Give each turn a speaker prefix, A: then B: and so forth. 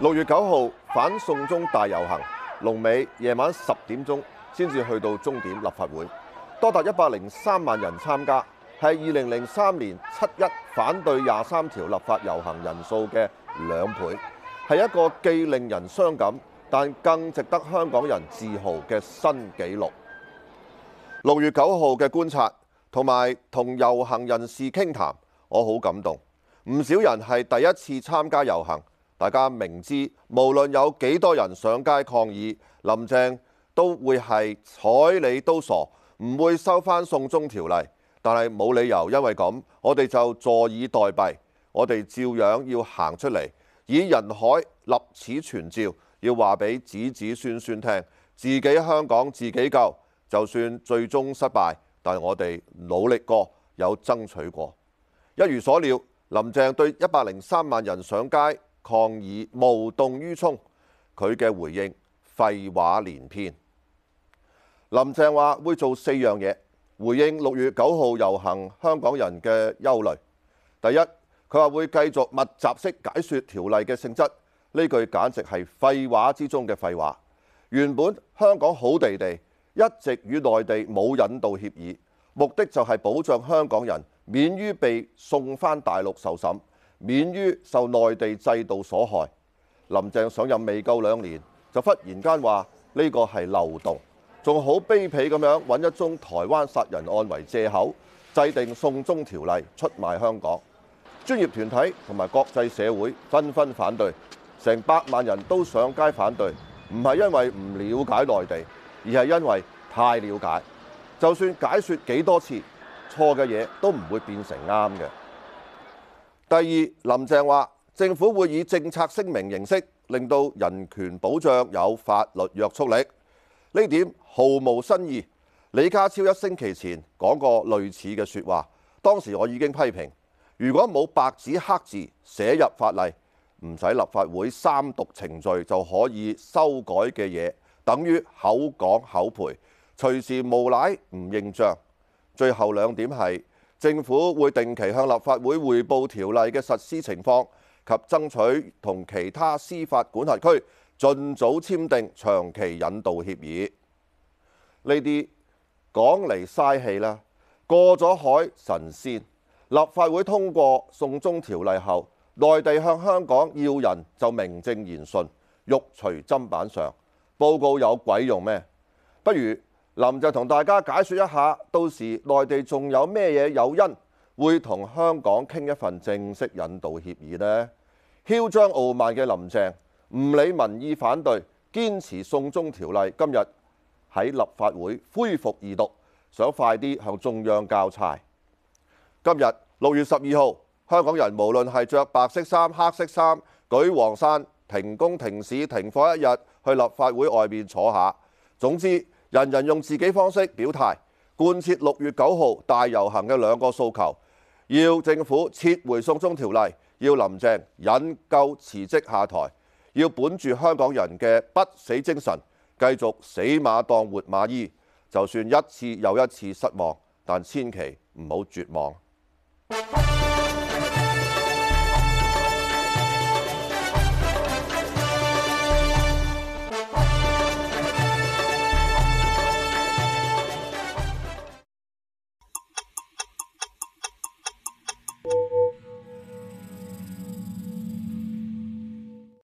A: 六月九號反送中大遊行，龍尾夜晚十點鐘先至去到終點立法會，多達一百零三萬人參加，係二零零三年七一反對廿三條立法遊行人數嘅兩倍，係一個既令人傷感但更值得香港人自豪嘅新紀錄。六月九號嘅觀察同埋同遊行人士傾談，談，我好感動，唔少人係第一次參加遊行。大家明知無論有幾多人上街抗議，林鄭都會係睬你都傻，唔會收返《送中條例》，但係冇理由因為咁，我哋就坐以待斃。我哋照樣要行出嚟，以人海立此存照，要話俾子子孫孫聽，自己香港自己救。就算最終失敗，但係我哋努力過，有爭取過。一如所料，林鄭對一百零三萬人上街抗議無動於衷，佢嘅回應廢話連篇。林鄭話會做四樣嘢回應六月九號遊行香港人嘅憂慮。第一，佢話會繼續密集式解説條例嘅性質。呢句簡直係廢話之中嘅廢話。原本香港好地地一直與內地冇引渡協議，目的就係保障香港人免於被送返大陸受審。免於受內地制度所害。林鄭上任未夠兩年，就忽然間話呢個係漏洞，仲好卑鄙咁樣揾一宗台灣殺人案為借口，制定送中條例出賣香港。專業團體同埋國際社會紛紛反對，成百萬人都上街反對，唔係因為唔了解內地，而係因為太了解。就算解說幾多次，錯嘅嘢都唔會變成啱嘅。第二，林鄭話政府會以政策聲明形式令到人權保障有法律約束力，呢點毫無新意。李家超一星期前講過類似嘅説話，當時我已經批評，如果冇白紙黑字寫入法例，唔使立法會三讀程序就可以修改嘅嘢，等於口講口賠，隨時無賴唔認賬。最後兩點係：政府會定期向立法會彙報條例嘅實施情況，及爭取同其他司法管轄區盡早簽訂長期引渡協議。呢啲講嚟嘥氣啦，過咗海神仙。立法會通過送中條例後，內地向香港要人就名正言順，肉隨砧板上。報告有鬼用咩？不如林鄭同大家解説一下，到時內地仲有咩嘢誘因會同香港傾一份正式引渡協議呢？「囂張傲慢嘅林鄭唔理民意反對，堅持送中條例，今日喺立法會恢復二讀，想快啲向中央交差。今日六月十二號，香港人無論係着白色衫、黑色衫、舉黃傘，停工、停市、停課一日，去立法會外面坐下。總之，人人用自己方式表態，貫徹六月九號大遊行嘅兩個訴求：要政府撤回《送中條例》，要林鄭引咎辭職下台，要本住香港人嘅不死精神，繼續死馬當活馬醫，就算一次又一次失望，但千祈唔好絕望。